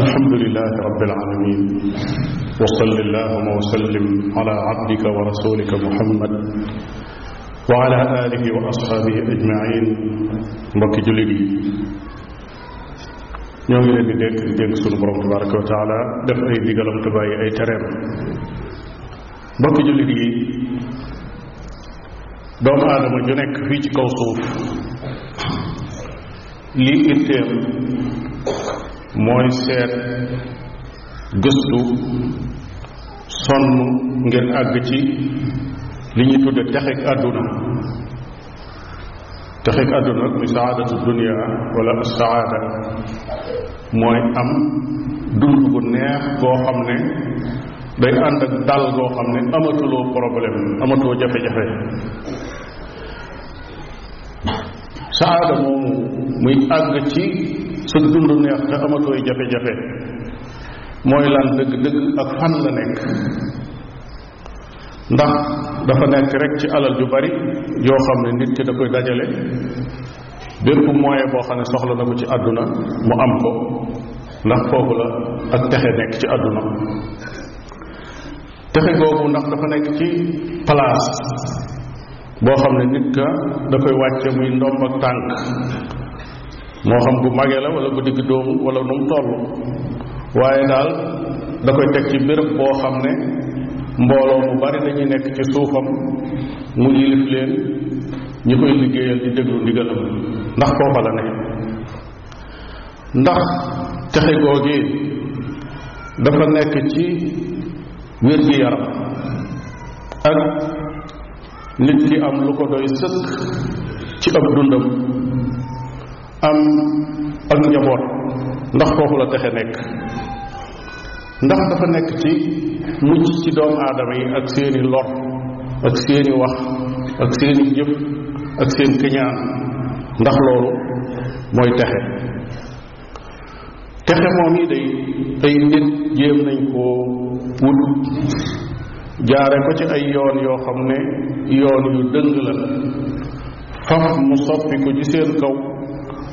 alhamdulilahi rabbil alamin wa salli allahuma wa sallim ala abdika wa rasulika muhammad wa ala alihi wa ashaabihi ajmain mbokki jullit yi ñoo ngi leen di dénk di dénk sunu borom tabaraka wa taala def ay digalam te bàyyi ay tereem mbokki jullit yi doomu aadama ju nekk fii ci kaw suuf lii itteem mooy seet gëstu sonn ngir àgg ci li ñuy tudde texeg àdduna texeg àdduna nag muy saadatu dunia saada mooy am dund bu neex boo xam ne day ànd ak dal goo xam ne amatuloo problème amatoo jafe-jafe saada moomu muy àgg ci su dund neex te amatooy jafe-jafe mooy lan dëgg-dëgg ak fan la nekk ndax dafa nekk rek ci alal ju bari yoo xam ne nit ki da koy dajale bépp moyen boo xam ne soxla na ko ci àdduna mu am ko ndax kooku la ak texe nekk ci àdduna texe googu ndax dafa nekk ci place boo xam ne nit ka da koy wàcce muy ndomb ak tànk moo xam bu magee la wala bu digg doomu wala nu mu toll waaye daal da koy teg ci bërëb boo xam ne mbooloo mu bari dañuy nekk ci suufam mu yilif leen ñi koy liggéeyal di déglu ndigalam ndax foofa la ne ndax texe googi dafa nekk ci wér-gi-yaram ak nit ki am lu ko doy sëkk ci ab dundam am ak njaboot ndax foofu la texe nekk ndax dafa nekk ci mucc ci doomu aadama yi ak seeni lor ak seeni wax ak seeni jëf ak seen këñaan ndax loolu mooy texe texe moom yi day ay nit jéem nañ koo wut jaare ko ci ay yoon yoo xam ne yoon yu dëng la faf mu soppi ko ci seen kaw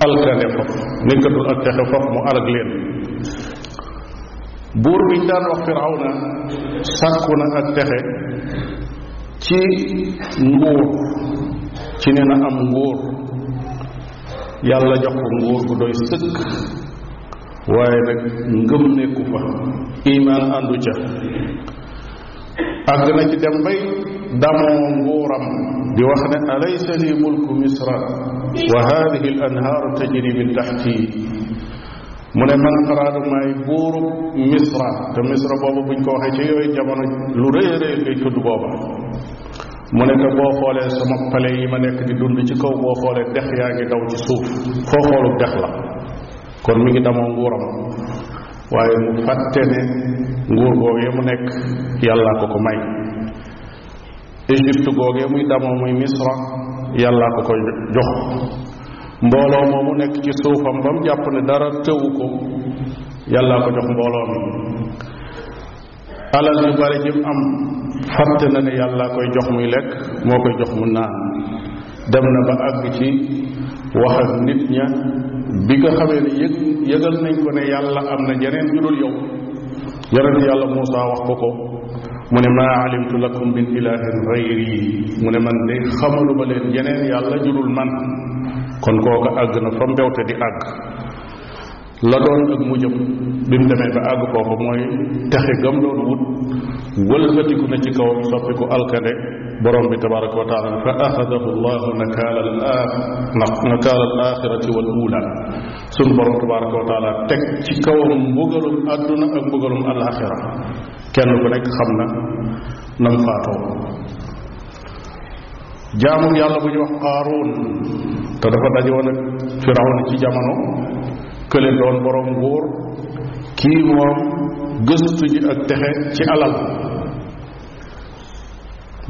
alkane fa nekkatul ak texe faf mu alag leen buur biñ daan wax firawna sàkku na ak texe ci nguur ci ne na am nguur yàlla jox ko nguur gu doy sëkk waaye nag ngëm nekku fa iman àndu ca àgg na ci dem bay damoo nguuram di wax ne alaysa li mulku wa haadihi al anhaaru tajri min taxti mu ne man araada maay buuru misra te misra boobu buñ ko waxee ci yooyu jamono lu rëy a rëy tudd booba mu ne te boo xoolee sama pale yi ma nekk di dund ci kaw boo xoolee dex yaa ngi daw ci suuf foo xoolu dex la kon mi ngi damoo nguuram waaye mu fàtte ne nguur googee mu nekk yàllaa ko ko may Égypte googee muy damoo muy misra yàllaa ko koy jox mbooloo moomu nekk ci suufam ba mu jàpp ne dara tëwu ko yàllaa ko jox mbooloo mi alal yu bari jim am fàtte na ne yàllaa koy jox muy lekk moo koy jox mu naan dem na ba àgg ci wax ak nit ña bi nga xamee ne yëg yëgal nañ ko ne yàlla am na jeneen ju dul yow yonent yàlla Muusaa wax ko mu ne maa alimtu lakum min ilahin gayri mu ne man de xamalu ma leen yeneen yàlla jurul man kon kooka àgg na fa mbewte di àgg la doon ak mujjam bi mu demee ba àgg foofu mooy texe gam doon wut wëlbatiku na ci kawam soppiku alkande borom bi tabaraka wa taala fa axadahu llahu nakaala al aax nakaala al uula sunu borom tabaraka wa taala teg ci kawam mbugalum àdduna ak mbugalum alaxira kenn ku nekk xam na nam faatoo jaamum yàlla bu ñu wax qaaruun te dafa dajoon ak firawna ci jamono kële doon borom nguur kii moom gëstu ji ak texe ci alal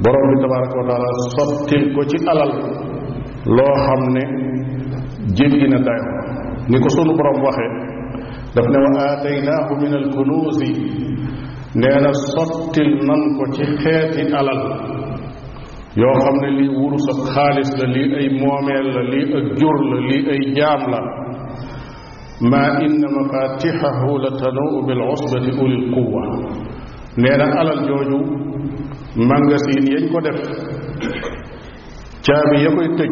borom bi tabaraka wa taala sottil ko ci alal loo xam ne jéggi na dayo ni ko sunu borom waxee daf ne wa aataynaahu min alkunuusi nee na sottil nan ko ci xeeti alal yoo xam ne lii wurus ak xaalis la lii ay moomeel la lii ak jur la lii ay jaam la maa inna mafatixahu la tanuu bil usbati ulil quwa nee na alal jooju magasin yañ ko def caabi ya koy tëj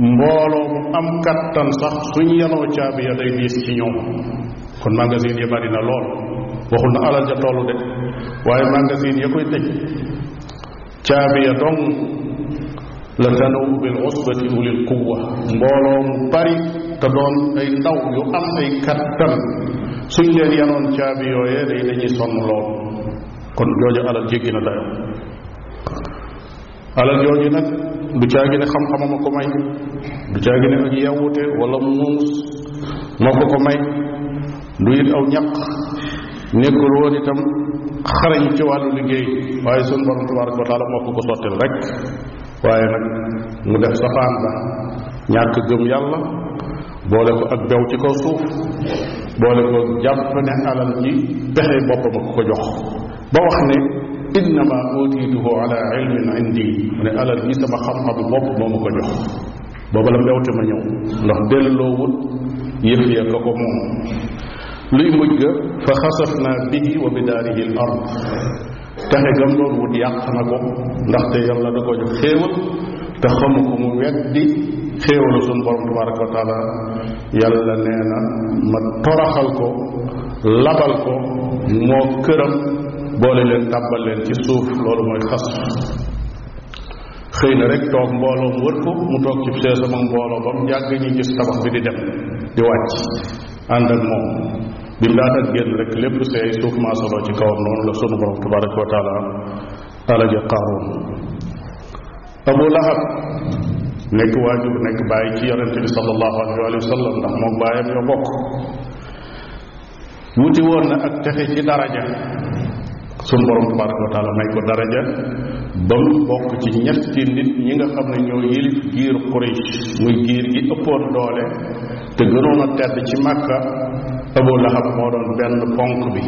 mbooloo mu am kattan sax suñ caabi ya day diis kon magasin ya bari na lool waxul na alal ja tollu de waaye magasin ya koy tëj caabi ya dong la tanawu bil usbati ulil quwa mbooloo bari te doon ay ndaw yu am ay kattan suñ leen yanoon caabi yooyee day dañuy sonn lool kon jooju alal jéggi na dayo alal jooju nag du caagi ne xam-xamama ko may du caagi ne ak yawute wala muus moo ko ko may du it aw ñaq nekkul woon itam xarañ ci wàllu liggéey waaye sun borom tabaraka wa moo ko ko sottil rek waaye nag mu def safaan ba ñàkk gëm yàlla boole ko ak bew ci kaw suuf boole ko jàpp ne alal ji pexe boppam ko ko jox ba wax ne innama utiituhu ala ilmin indi mu xam-xamu bopp moo ko jox booba la mbewte ma ñëw ndax delloowut yëf ya ko ko moom luy mujj fa xasaf bihi wa bi daarihi l taxe gam doon wut yàq na ko ndaxte yàlla da ko jox xéewal te ko mu weddi xéewalu suñu borom tabaraka wa taala yàlla nee na ma toraxal ko labal ko moo këram boole leen tàbbal leen ci suuf loolu mooy xas xëy na rek toog mbooloo mu wër ko mu toog ci seesa ak mbooloo ba mu yàgg ñu gis tabax bi di dem di wàcc ànd ak moom bi mu daan génn lépp seey suuf maasaloo ci kawam noonu la sunu borom tabaraka wa taala alaja qaaroon abu lahab nekk waajur nekk bàyyi ci yonente bi sallallahu alayhi wa sallam ndax moom bàyyam yoo bokk wuti woon na ak texe ci daraja suñu borom tabaraka wa taala may ko daraja ba mu bokk ci ñetti nit ñi nga xam ne ñoo yilif giir Quraysh muy giir gi ëppoon doole te gënoon tedd ci Makka Abu Lahab moo doon benn ponk bi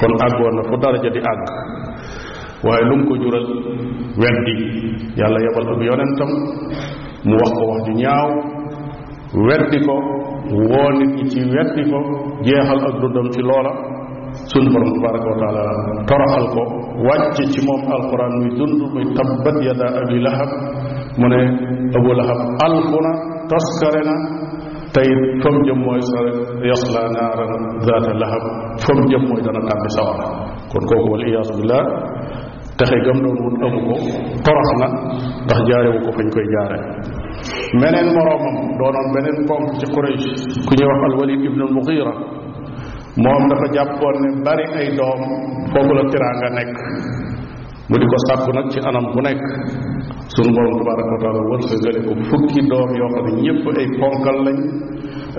kon àggoon na fu daraja di àgg waaye lu mu ko jural weddi yàlla yebal ab yonentam mu wax ko wax ju ñaaw weddi ko woo nit ñi ci weddi ko jeexal ak dundam ci loola suñu borom tabaraka wa taala toroxal ko wàcce ci moom alquran muy dund muy tabbat yada abi lahab mu ne abu lahab alku na taskare na tey fa mu jëm mooy sa yasla naaran zaata lahab fa mu jëm mooy dana tàbbi sawara kon kooku wal iyaasu billah texe gëm doon wut amu ko torox na ndax jaarewu ko fañ koy jaare meneen moroomam doonoon beneen ponk ci Quraysh ku ñuy wax alwalid ibn al moom dafa jàppoon ne bari ay doom foofu la tiraanga nekk mu di ko sàkku nag ci anam bu nekk sunu borom tabaraka wa taala wërsëgale ko fukki doom yoo xam ne ñëpp ay ponkal lañ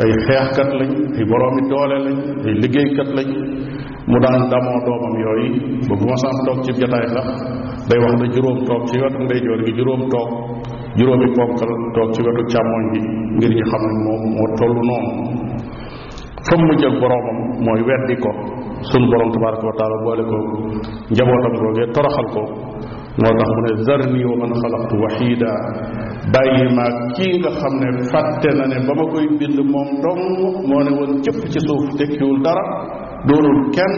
ay xeexkat lañ ay boroomi doole lañ ay liggéeykat lañ mu daan damoo doomam yooyu ba bu ma saam toog ci jataay la day wax ne juróom toog ci wetu ndeyjoor gi juróom toog juróomi ponkal toog ci wetu càmmoñ bi ngir ñu xam ne moom moo toll noonu fa mu mujj ak mooy weddi ko sunu boroom tabaraka wa taala boole ko njabootam googee toroxal ko moo tax mu ne zarni wa man xalaqtu waxida bàyyi maag kii nga xam ne fàtte na ne ba ma koy bind moom dong moo ne woon cëpp ci suuf tekkiwul dara doonul kenn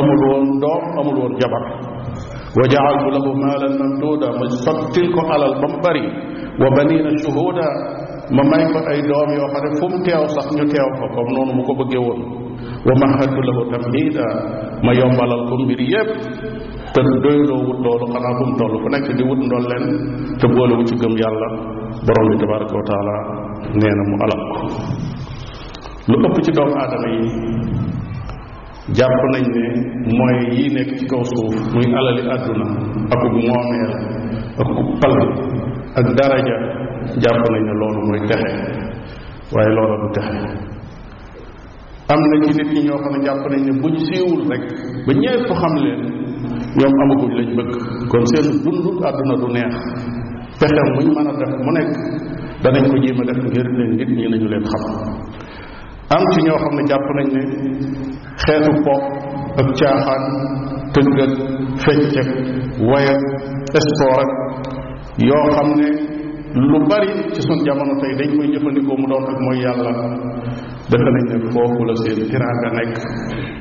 amul woon doom amul woon jabar wa jaaltu lahu maalan mamduuda ma sottil ko alal wa banina shuhuda ma may ko ay doom yoo xam fu mu teew sax ñu teew ko comme noonu mu ko bëggee woon wa mahadtu lahu tamhida ma yombalal ko mbir yépp te doyloo loolu xanaa bu mu toll fu nekk di wut ndool leen te boolewu ci gëm yàlla borom bi tabaraka wa taala na mu alal ko lu ëpp ci doomu aadama yi jàpp nañ ne mooy yi nekk ci kaw suuf muy alali àdduna akub moomeel akub pal ak daraja jàpp nañ ne loolu mooy texe waaye loola du texe am na ci nit ñi ñoo xam ne jàpp nañ ne buñ siiwul rek ba ñépp xam leen ñoom amaguñ lañ bëgg kon seen dund àdduna du neex pexe muñ mën a def mu nekk danañ ko jéem a def ngir leen nit ñi nañu leen xam am ci ñoo xam ne jàpp nañ ne xeetu pop ak caaxaan tëgg ak fecc ak way ak sport ak yoo xam ne lu bari ci sun jamono tey dañ koy jëfandikoo mu doon ak mooy yàlla defe nañ ne foofu la seen tiraanga nekk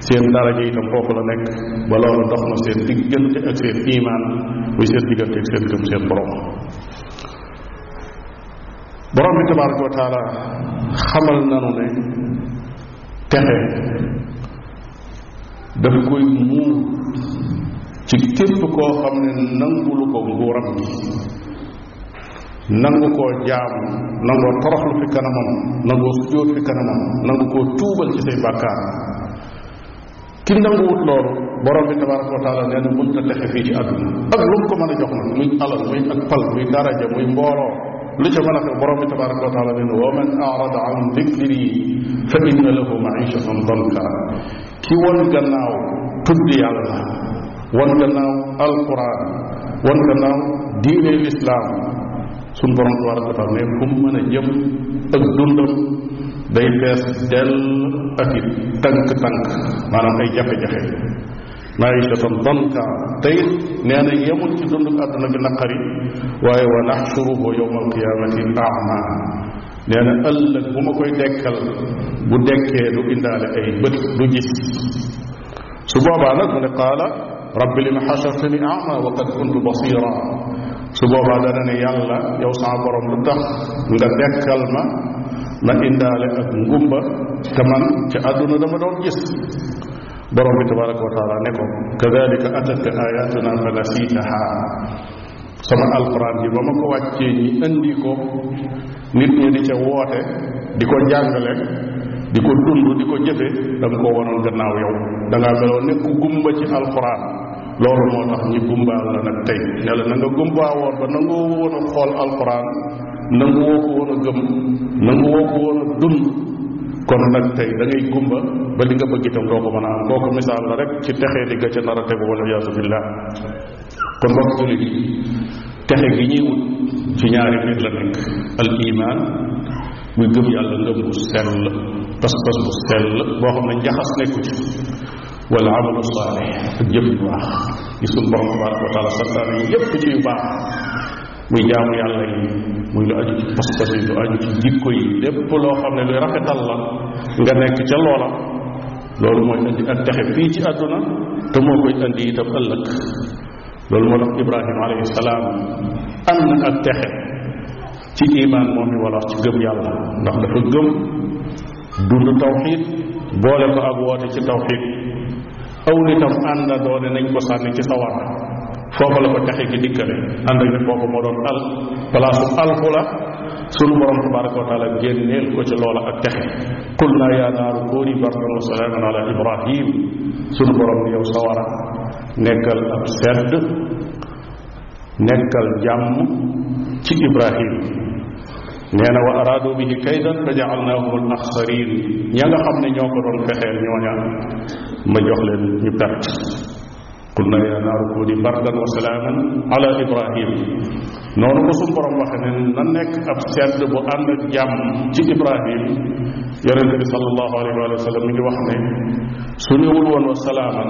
seen daraja itam foofu la nekk ba loolu dox na seen diggante ak seen imaan muy seen diggante ak seen gëm seen borom borom bi tabaraka wa xamal nanu ne texe daf koy muur ci képp koo xam ne nangulu ko nguuram gi nangu koo jaamu nangoo toroxlu fi kanamam nangoo sujjóot fi kanamam nangu koo tuubal ci say bàkkaar ki nanguwut loolu borom bi tabaraka wa taala nee na mënta texe fii ci àdduna ak lu mu ko mën a jox nag muy alal muy ak pal muy daraja muy mbooloo lu ca mën a xew borom bi tabaraka wa taala nee na wa man arada an dikri fa inna lahu maishatan danka ki won gannaaw tudd yàlla won gannaaw alquran won gannaaw diine lislaam suñ borom tabaraka wa taala ne fu mu mën a jëm ak dundam day fees dell ak i tànk-tànk maanaam ay jafe-jafe maishatan danka tey nee na yemul ci dund àdduna bi naqari waaye wa naxsuruhu yowma alqiyamati ama nee na ëllëg bu ma koy dekkal bu dekkee du indaale ay bët du gis su boobaa nag mu qaala rabbi lima xashartani ama wa qad kuntu basira su boobaa dana ne yàlla yow sama borom lu tax nga dekkal ma ma indaale ak ngumba te man ci àdduna dama doon gis borom bi tabaraka wa taala ne ko kadalika ataka ayatuna fa nasitaha sama alquran bi ba ma ko wàccee ñi indi ko nit ñi di ca woote di ko jàngale di ko dund di ko jëfe da ko wanoon gannaaw yow da ngaa meloon ne ci alquran loolu moo tax ñu gumbaal la nag tey ne la na nga gumbaawoon ba nangoo woon a xool alxuraan nangu woo ko woon a gëm nangu ko woon a dund kon nag tey da ngay gumba ba di nga bëgg itam doo ko mën a am kooku misaal la rek ci texee di ga ca nar a tegu wala yaasu billah kon mbokk jullit texe gi ñuy wut ci ñaari mbir la nekk al iman gëm yàlla ngëm bu sell pas-pas bu sell boo xam ne njaxas nekku wala amalu saalih ak jëf yu baax yi suñ borom yépp ci yu baax muy jaamu yàlla yi muy lu aju ci pas-pas yi lu aju ci jikko yi lépp loo xam ne luy rafetal la nga nekk ca loola loolu mooy indi ak texe fii ci àdduna te moo koy indi itam ëllëg loolu moo tax Ibrahima alayhi salaam am na ak texe ci iman moom mi wala ci gëm yàlla ndax dafa gëm dund tawxid boole ko ak woote ci tawxid aw nitam àndandoo ne nañ ko sànni ci sawar foofa la ko texe gi dikkale ànd ak ne foofu moo doon al place su alku la sunu borom tabaraka wa taala génneel ko ci loola ak texe qul naa yaa naaru kooni bardan wa salaaman ala ibrahim sunu borom ne yow sawara nekkal ab sedd nekkal jàmm ci ibrahim nee na wa araadu bihi kaydan fa jaalnaahum al axsarin xam ne ñoo ko doon fexeel ñooña ma jox leen ñu perte qul na yaa naaru wa salaaman ala ibrahim noonu ko suñu borom waxe ne na nekk ab sedd bu ànd ak jàmm ci ibrahim yonent bi sallallahu alayhi wa sallam mi ngi wax ne su ñëwul woon wa salaaman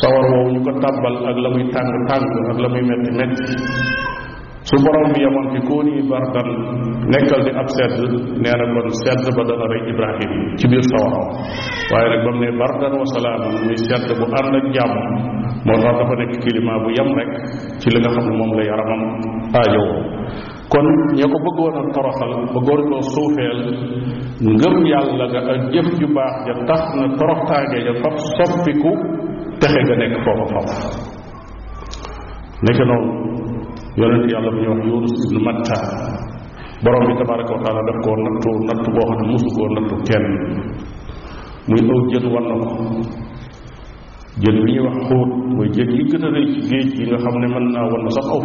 sawar woowu ñu ko tàbbal ak la tàng tàng ak la metti metti su borom bi yemoon ci kuuni bardan nekkal di ab sedd nee na kon sedd ba dana rey ibrahim ci biir sawara waaye nag ba mu ne bardan wa salaam muy sedd bu ànd ak jàmm bu yem rek ci li nga moom la yaramam aajowoo kon ña ko bëggoon a toroxal bëggoon koo suufeel ngëm yàlla nga ak jëf ju baax ja tax na toroxtaange ja fab soppiku texe ga nekk foofa faf nekk noonu yonent yàlla bu ñuy wax yunus ibnu matta borom bi tabaraka wa taala daf koo nattu natt boo xam ne mosu koo nattu kenn muy aw jën wan ko jën bi ñuy wax xóot mooy jën géej gi xam ne mën naa wan sax aw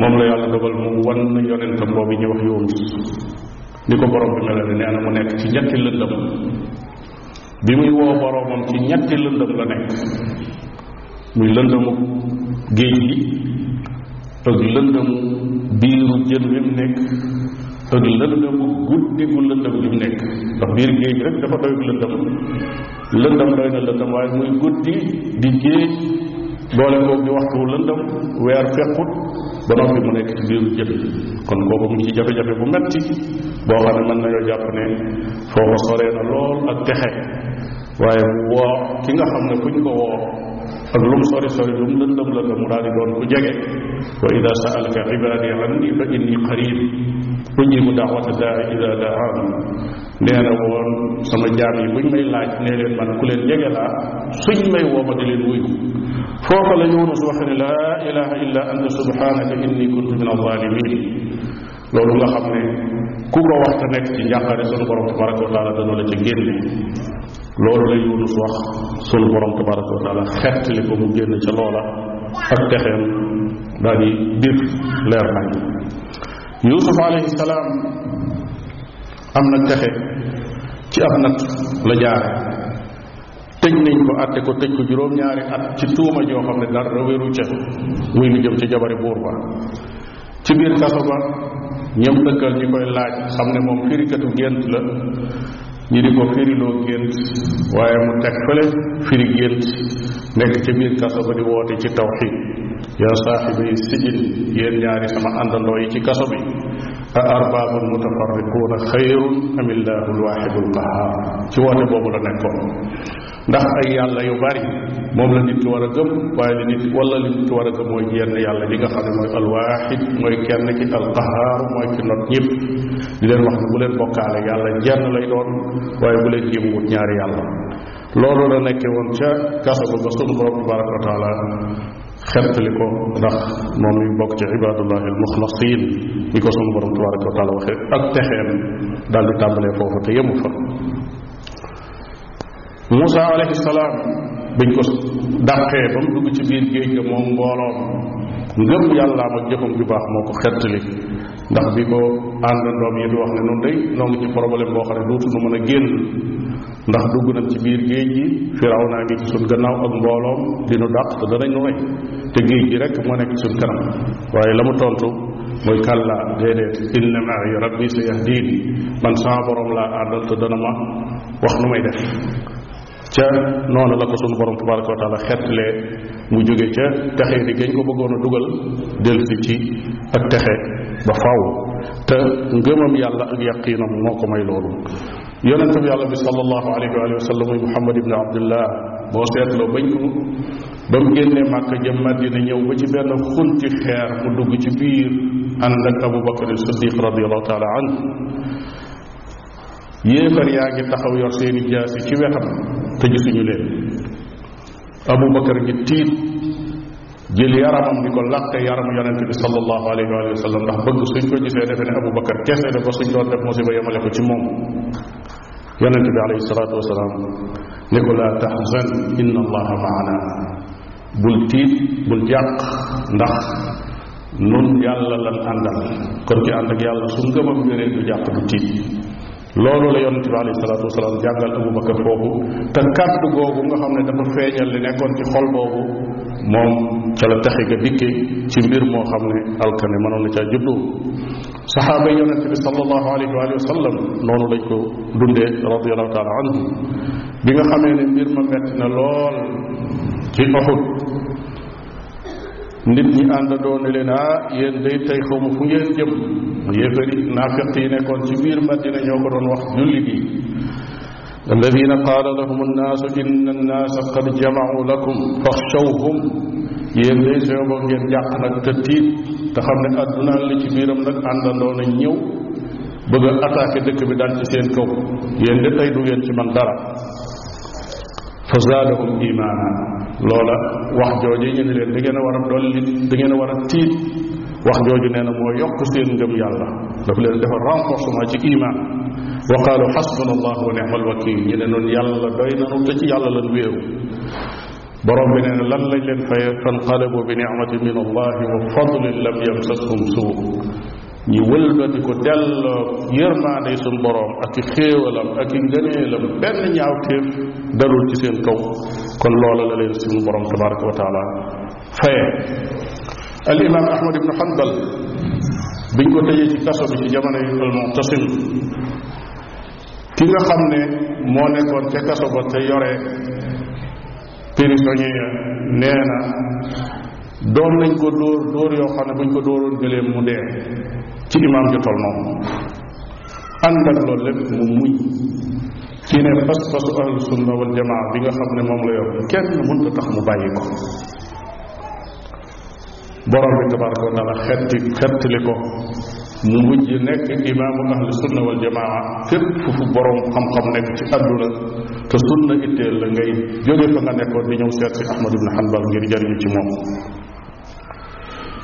moom la yàlla dogal mu wan na yonentam boobu ñuy wax yunus ni ko borom bi melale nee na mu nekk ci ñetti lëndam bi muy woo boromam ci ñetti lëndam la nekk muy lëndamu géej gi ak lëndëmu biiru jën bi mu nekk ak lëndëmu guddi gu lëndëm bi mu nekk ndax biir géej rek dafa doy lëndëm lëndëm doy na lëndëm waaye muy guddi di géej doole koog di waxtu lëndëm weer fekkut ba noppi mu nekk ci biiru jën kon kooku mu ci jafe-jafe bu metti boo xam ne mën na nañoo jàpp ne foofa soree na lool ak texe waaye woo ki nga xam ne ñu ko woo ak lu sori sori lu mu lëndëm lëndëm mu daal di doon ku jege wa ida saalaka ibaadi anni fa inni qarib ujibu daawata daa ida daan nee na woon sama jaam yi buñ may laaj nee leen man ku leen jege laa suñ may woo ma di leen wuyu foofa la Yunus waxe ne laa ilaha illa anta subhanaka inni kuntu min alzalimin loolu nga xam ne ku ko wax te nekk ci njàqare sunu borom tabaraka wa taala dana la ca génne loolu la Yunus wax sunu borom tabaraka wa taala xettali ko mu génn ca loola ak texeem daal di biir leer nañ yusuf alayhi salaam am na texe ci ab nat la jaare tëj nañ ko àtte ko tëj ko juróom-ñaari at ci tuuma joo xam ne dara wéru ca muy lu jëm ci jabari buur ba ci biir kaso ba ñoom dëkkal ñi koy laaj xam ne moom firikatu gént la ñi di ko firiloo gént waaye mu teg fële firi gént nekk ci biir kaso ba di woote ci tawxiid yaa saaxibay sijil yéen ñaari sama àndandoo yi ci kaso bi a arbaabul mutafarriquuna xayrun amillaahu alwaaxidul qahaar ci woote boobu la nekkoon ndax ay yàlla yu bari moom la nit ki war a gëm waaye li nit wala li nit ki war a gëm mooy yenn yàlla li nga xam ne mooy alwaaxid mooy kenn ki alqahaar mooy ki not ñëpp di leen wax ne bu leen bokkaale yàlla jenn lay doon waaye bu leen jéem wut ñaari yàlla loolu la nekke woon ca kaso ba sunu borom tabaraka wa taala xettali ko ndax moom mi bokk ci ibadullahi almuxlasin ni ko sunu borom tabaraka wa taala waxee ak texeem daal di tàmbalee foofu te yemu fa Moussa alayhi salaam biñ ko dàqee ba mu dugg ci biir géej ga moom mbooloom ngëm yàllaam ak jëfam ju baax moo ko xettali ndax bi ko àndandoom yi di wax ne noonu day noo ngi ci problème boo xam ne dootuñu mën a génn ndax dugg nañ ci biir géej gi firaw naa ngi suñ gannaaw ak mbooloom di nu dàq te danañ nu te géej gi rek moo nekk ci suñ kanam waaye la mu tontu mooy kàllaa déedéet inna ma'i rabbi sa yahdini man sama borom laa àndal te dana ma wax nu may def ca noonu la ko sunu borom tabaraka wa taala xetlee mu jóge ca texe di gañ ko bëggoon a dugal delsi ci ak texe ba faw te ngëmam yàlla ak yaqiinam moo ko may loolu yonentam yàlla bi sallallahu alayhi wa sallam muy muhammad ibni abdullah boo seetloo bañ ko ba mu génnee màkk jëm madina ñëw ba ci benn xunti xeer mu dugg ci biir ànd ak abu bakar siddiq radiallahu taala anhu yéefar yaa ngi yor seeni jaasi ci wetam te gisuñu leen abu bakar ngi tiit jël yaramam di ko làqe yaramu yonente bi sallallahu alayhi wa sallam ndax bëgg suñ ko gisee defe ne Abu Bakar kese la ko suñ doon def musiba yemale ko ci moom yonente bi alayhi salaatu wasalaam ne ko laa taxzan inna allaha maana bul tiit bul jàq ndax nun yàlla lan àndal kon ci ànd ak yàlla su ngëmam wéree du jàq du loolu la yonente bi alayhi salaatu wasalaam jàngal abubakar foofu te kàddu googu nga xam ne dafa feeñal li nekkoon ci xol boobu moom ca la taxi ga dikke ci mbir moo xam ne alkane mënoon na caa juddu saxaaba yi yonente bi sallallahu alayhi wa noonu lañ ko dundee radiallahu taala anhu bi nga xamee ne mbir ma metti na lool ci Uhud nit ñi àndandoo ne leen ah yéen day tey xaw ma fu ngeen jëm yéefari naafiq yi nekkoon ci biir madina ñoo ko doon wax jullit yi alladina qaala lahum annaasu inna annaasa qad jamacu lakum faxshawhum yéen day soo ba ngeen jàq nag te tiit te xam ne addunaan li ci biiram nag àndandoo nañ ñëw bëgg a attaqué dëkk bi dal ci seen kaw yéen de tey du ngeen ci man dara fa zaadahum loola wax jooju ñu ne leen da ngeen a war a dolli da ngeen a war a tiit wax jooju nee na moo yokk seen ngëm yàlla dafa leen defal renforcement ci iman wa qaalu xasbuna allah wa ni'mal wakil ñu ne noonu yàlla doy nanu te ci yàlla lan wéeru borom bi nee na lan lañ leen faye fanqalabu bi nicmatin min allahi wa fadlin lam yamsaskum suu ñu wëlbati ko delloo yërmaande suñ boroom ak i xéewalam ak i ngëneelam benn ñaaw téef dalul ci seen kaw kon loola la leen suñu borom tabaraka wa taala faye al imam ahmad ibnu hanbal ko tëjee ci kaso bi ci jamono yu al ki nga xam ne moo nekkoon ca kaso ba te yore prisonnier ya nee na doon nañ ko dóor dóor yoo xam ne buñ ko dóoroon gëléem mu dee ci imam ju tol noonu ànd lépp mu muñ ci ne pas-pasu ahlu sunna wal bi nga xam ne moom la yor kenn mënta tax mu bàyyi ko borom bi tabaraka wa taala xetti xettali ko mu mujj nekk imaamu ahlu sunna wal jamaa fépp fu borom xam-xam nekk ci àdduna te sunna itteel la ngay jóge fa nga nekkoon di ñëw seet si Ahmad ibn Hanbal ngir jariñu ci moom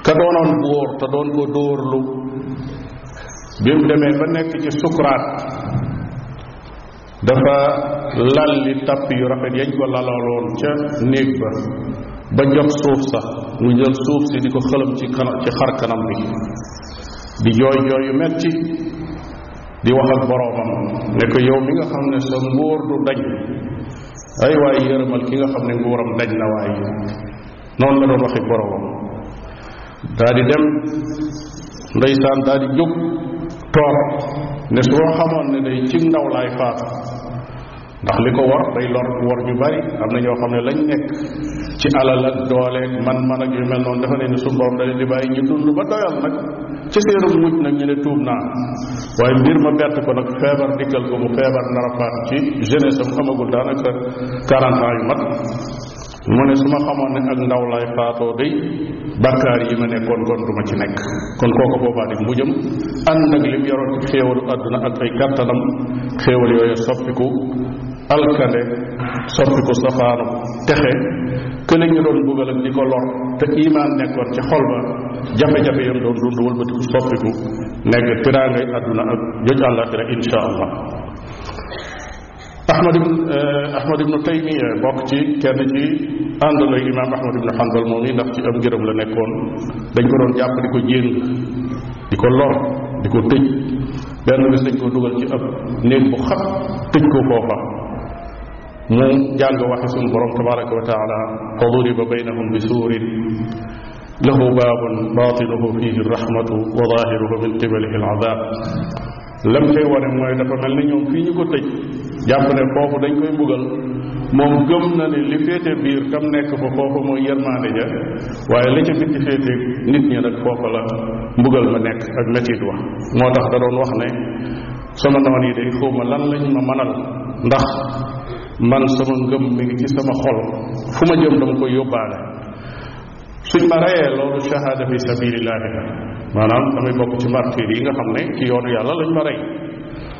ka doonoon góor te doon ko dóorlu bi mu demee ba nekk ci sukuraat dafa lalli tapp yu rafet yañ ko lalaloon ca néeg ba ba jot suuf sax mu jël suuf si di ko xëlam ci kanam xar kanam bi di jooy jooy yu metti di wax ak boroomam ne ko yow mi nga xam ne sa nguur du dañ ay waaye yërëmal ki nga xam ne nguuram dañ na waaye noonu la doon waxi boroomam daa di dem ndeysaan daa di jóg toog ne su xamoon ne day ci ndaw laay faatu ndax li ko war day lor war ñu bari am na ñoo xam ne lañ nekk ci alal ak doole man-man ak yu mel noonu dafa ne ni suñu borom da leen di bàyyi ñu dund ba doyal nag ci séerum mujj nag ñu ne tuub naa waaye mbir ma bett ko nag feebar dikkal ko mu feebar nara faat ci jeunesse am amagul daanaka 40 ans yu mat mu ne su ma xamoon ne ak ndaw lay faatoo day bàkkaar yi ma nekkoon kon du ma ci nekk kon kooku boobaa di mujjam ànd ak lim yoroon ci xéewalu àdduna ak ay kàttanam xéewal yooyu soppiku alkande soppiku safaanu texe kële ñu doon bugal ak di ko lor te imaan nekkoon ci xol ba jafe-jafe yam doon dund wëlbatiku soppiku nekk tiraangay àdduna ak joj àllaaxira insha allah ahmad ibn eh, ahmad ibnu taymiya eh, bokk ci kenn ci àndaloo imaam ahmad ibnu hanbal moom yi ndax ci am ngërëm la nekkoon dañ ko doon jàpp di ko jéng di ko lor di ko tëj benn bés dañ ko dugal ci ab néeg bu xat tëj ko foofa mu jàng waxe suñu borom tabaraka wa taala fa duriba baynahum bi suurin lahu baabun baatinuhu fihi rahmatu wa zaahiruhu min qibalihi al azaab lam cay wane mooy dafa mel ni ñoom fii ñu ko tëj jàpp ne foofu dañ koy mbugal moom gëm na ne li féete biir tam nekk fa foofa mooy yermaande ja waaye li ca féete nit ñi nag foofa la mbugal ma nekk ak metit wax moo tax da doon wax ne sama noon yi day ma lan lañ ma manal ndax man sama ngëm mi ngi ci sama xol fu ma jëm dama koy yóbbaale suñ ma reyee loolu shahada fi sabilillahi la maanaam damay bokk ci martyr yi nga xam ne ci yoonu yàlla lañ ma rey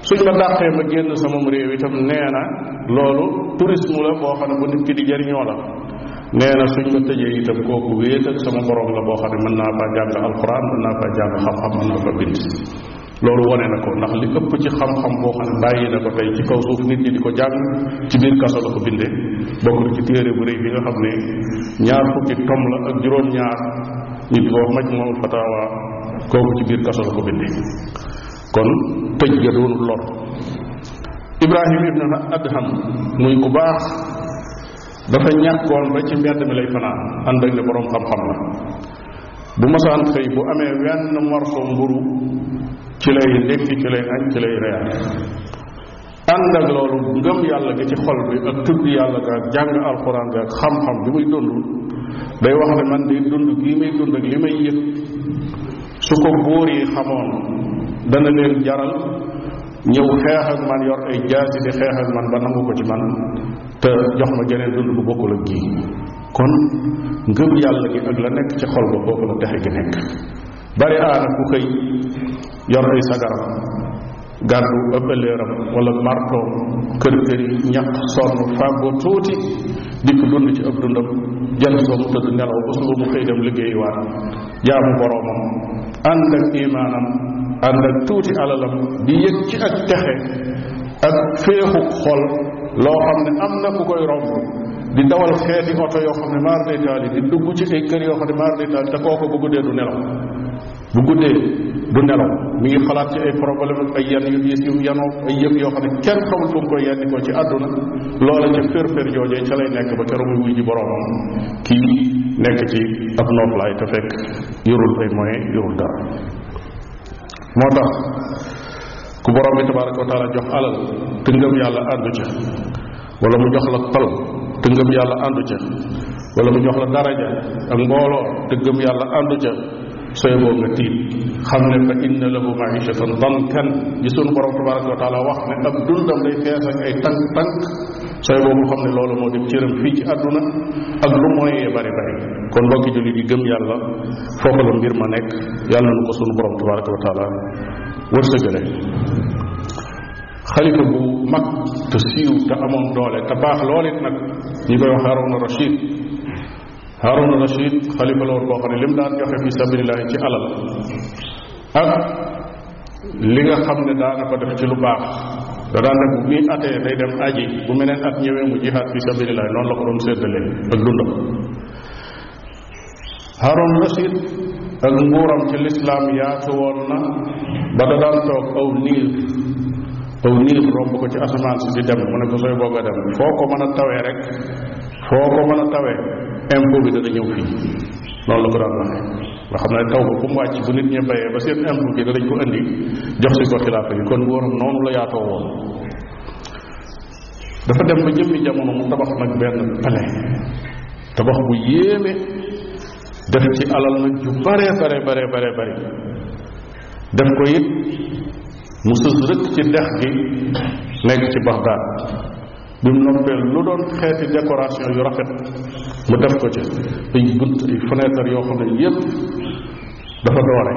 suñ ma dàqee ma génn sama réew itam nee na loolu tourisme la boo xam ne bu nit ki di jariñoo la nee na suñ ma tëjee itam kooku wéet ak sama borom la boo xam ne mën naa faa jàng alquran mën naa faa jàng xam-xam mën naa fa bind loolu wone na ko ndax li ëpp ci xam-xam boo xam bàyyi na ko tey ci kaw suuf nit ñi di ko jàng ci biir kaso la ko bindee bokk na ci téere bu rëy bi nga xam ne ñaar fukki tom la ak juróom-ñaar ñu di ko wax majmuul fatawa kooku ci biir kaso la ko bindee kon tëj ga doonul lor Ibrahim ibn Adham muy ku baax dafa ñàkkoon ba ci mbedd lay fanaan ànd ak ne boroom xam-xam la bu masaan xëy bu amee wenn morso mburu ci lay ndékki ci lay añ ci lay reer ànd ak loolu ngëm yàlla gi ci xol bi ak tudd yàlla ga ak jàng alxuraan ga ak xam-xam bi muy dund day wax ne man di dund gii may dund ak li may yëg su ko góor yi xamoon dana leen jaral ñëw xeex man yor ay jaasi di xeex ak man ba nangu ko ci man te jox ma geneen dund bu bokkul ak gii kon ngëm yàlla gi ak la nekk ci xol ba boobu la texe gi nekk bari aana ku xëy yor ay sagaram gàddu ab ëlleeram wala marto kër kër yi ñaq sonn fàggoo tuuti di ko dund ci ab dundam jant soo mu tëdd nelaw ba suba mu xëy dem liggéeyuwaat jaamu boroomam ànd ak imaanam ànd ak tuuti alalam di yëg ci ak texe ak féexu xol loo xam ne am na ku koy romb di dawal xeeti oto yoo xam ne maar day taal yi di dugg ci ay kër yoo xam ne maar day taal te kooku bu guddee du nelaw bu guddee du nelaw mi ngi xalaat ci ay problème ak ay yenn yu diis yu yanoo ay yëf yoo xam ne kenn xamul fu mu koy yenni ko ci àdduna loola ca fér fér joojee ca lay nekk ba keroog muy wuy ji boroomam kii nekk ci ab noflaay te fekk yorul ay moyen yorul dara moo tax ku borom bi tabaraka wa taala jox alal te yàlla àndu ca wala mu jox la tal te ngëm yàlla àndu ca wala mu jox la daraja ak mbooloo te ngëm yàlla àndu ca sooy boo nga tiit xam ne fa inna lahu maishatan dankan gi sunu borom tabaraka wa taala wax ne ab dundam day fees ak ay tànk tànk sooy boo xam ne loolu moo dem cëram fii ci àdduna ak lu moyee bari bari kon mbokki jullit yi gëm yàlla foofu la mbir ma nekk yàlla na nu ko sunu borom tabaraka wa taala wërsëgale xalifa bu mag te siiw te amoon doole te baax lool it nag ñi koy wax Harouna Rachid Harouna Rachid xalifa la woon boo xam ne lim daan joxe fi sabilillahi ci alal ak li nga xam ne daana ko def ci lu baax da daan def bu muy atee day dem aji bu meneen at ñëwee mu jihaad fi sabilillahi noonu la ko doon séddalee ak dundam Harouna Rachid ak nguuram ci lislaam yaatu woon na ba da daan toog aw niir aw niir romb ko ci asamaan si di dem mu ne ko sooy boog a dem foo ko mën a tawee rek foo ko mën a tawee impôt bi dana ñëw fii loolu la ko daan waxee nga xam ne taw ba fu mu wàcc bu nit ñi bayee ba seen impôt bi danañ ko indi jox si ko xilaafa yi kon wóoram noonu la yaatoo woon dafa dem ba jëmmi jamono mu tabax nag benn palais tabax bu yéeme def ci alal nag ju bare bare bare bare def ko it mu sës rëkk ci dex gi nekk ci Baxdaad bi mu noppee lu doon xeeti décoration yu rafet mu def ko ci ay bunt ay fenêtre yoo xam ne yépp dafa doore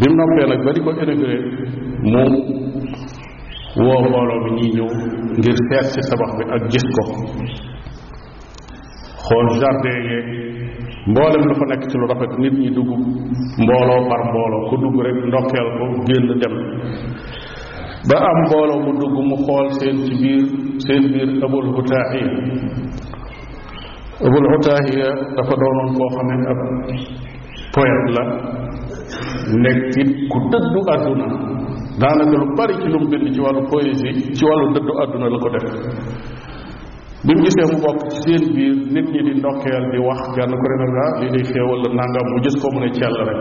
bi mu noppee nag ba ko inauguré mu woo mbooloo bi ñuy ñëw ngir seet ci sabax bi ak gis ko xool jardin yeeg mboolem lu fa nekk ci lu rafet nit ñi dugg mbooloo par mbooloo ku dugg rek ndokkeel ko génn dem ba am mbooloo mu dugg mu xool seen ci biir seen biir abul hutaahiya abul hutaahiya dafa doonoon koo xam ne ab poète la nekk it ku dëddu àdduna daanaka lu bari ci lu mu bind ci wàllu poésie ci wàllu dëddu àdduna la ko def bi mu gisee mu bokk ci seen biir nit ñi di ndokkeel di wax kenn ku ne nag lii day xéewal la nangam mu gis ko mu ne cell rek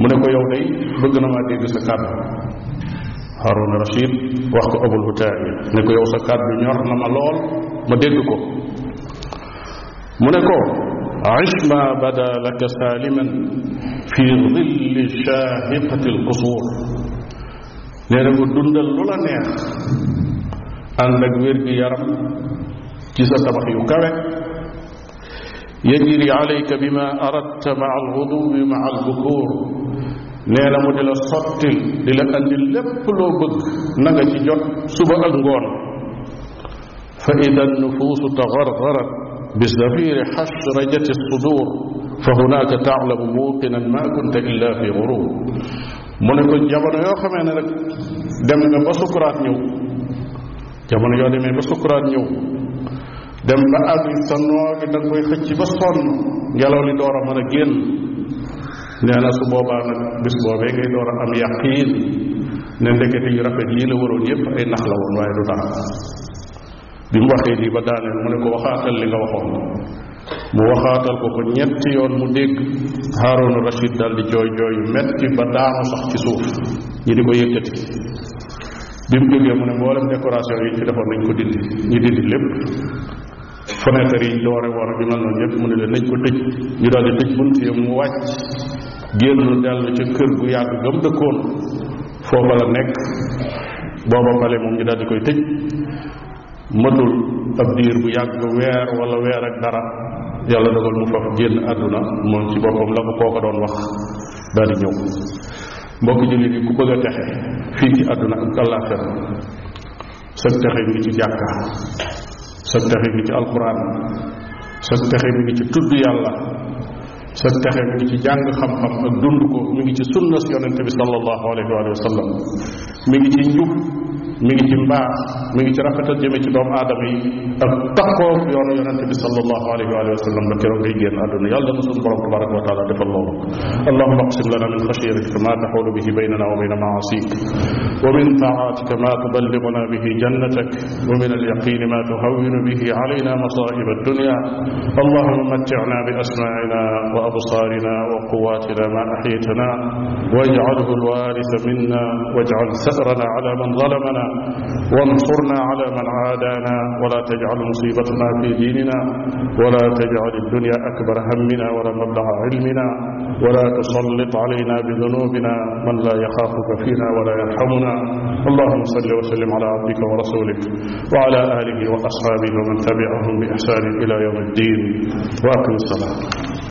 mu ne ko yow day bëgg na maa dégg sa kàddu Harun Rashid wax ko Abul Hutaayi ne ko yow sa kàddu ñor na ma lool ma dégg ko mu ne ko ish ma bada laka saaliman fi dilli shaahiqati alqusuur nee ko dundal lu la neex ànd ak wér-gi-yaram ci sa tabax yu kawe yajri alayka bi ma aradta maa alxuduwi maa albukuur nee na mu di la sottil di la andi lépp loo bëgg na nga ci jot suba ak ngoon fa ida nufuusu tagargarat bi safiri xashrajati sudur fa hunaaka taalamu muuqinan ma kunta illa fi gurur mu ne ko jamono yoo xamee ne rek dem nga ba sukuraat ñëw jamono yoo demee ba sukuraat ñëw dem ba àgg sa noo gi koy xëcc ba sonn ngelaw li door a mën a génn nee na su boobaa nag bis boobee ngay door a am yaqiin ne ndekete yu rafet yii la waroon yépp ay nax la woon waaye du dara bi mu waxee lii ba daaneel mu ne ko waxaatal li nga waxoon mu waxaatal ko ko ñetti yoon mu dégg Haaruna Rachid dal di jooy jooy yu metti ba daanu sax ci suuf ñi di ko yëkkati bi mu jógee mu ne mboolem décoration yi ñu fi defoon nañ ko dindi ñu dindi lépp fenêtre yi doore woon ak yu mel noonu yëpp mu ne leen nañ ko tëj ñu daal di tëj bunt yi mu wàcc génn dellu ca kër gu yàgg gam dëkkoon foofa la nekk booba pale moom ñu daal di koy tëj matul ab diir bu yàgg weer wala weer ak dara yàlla dogal mu faf génn àdduna moom ci boppam la ko kooka doon wax daal ñëw mbokki jullit yi ku bëgg a texe fii ci àdduna ak àllaaxira sa texe mi ngi ci jàkka sa texe mi ngi ci alquran sa texe mi ngi ci tudd yàlla sa texe mi ngi ci jàng xam-xam ak dund ko ñu ngi ci sunnas yonente bi sallallahu alayhi wa sallam mi ngi ci njub mi ngi ci mbaax mi ngi ci rafetal jëme ci doomu aadama yi ak taxoo yoonu yonente bi sallallahu alayhi wa sallam ba keroog ngay génn àdduna yàlla na suñu borom tabaraka wa taala defal loolu allahuma aqsim lana min xashiyatika ma taxulu bihi baynana wa bayna maasik wa min taatika ma tuballiguna bihi jannatak wa min alyaqini ma tuhawinu bihi alayna masaib addunya allahuma matticna bi asmaina wa absarina wa quwatina ma axyitana wajcalhu alwarisa minna wajcal ثأرنا على من ظلمنا وانصرنا على من عادانا ولا تجعل مصيبتنا في ديننا ولا تجعل الدنيا أكبر همنا ولا مبلغ علمنا ولا تسلط علينا بذنوبنا من لا يخافك فينا ولا يرحمنا اللهم صل وسلم على عبدك ورسولك وعلى آله وأصحابه ومن تبعهم بإحسان إلى يوم الدين وأقم الصلاة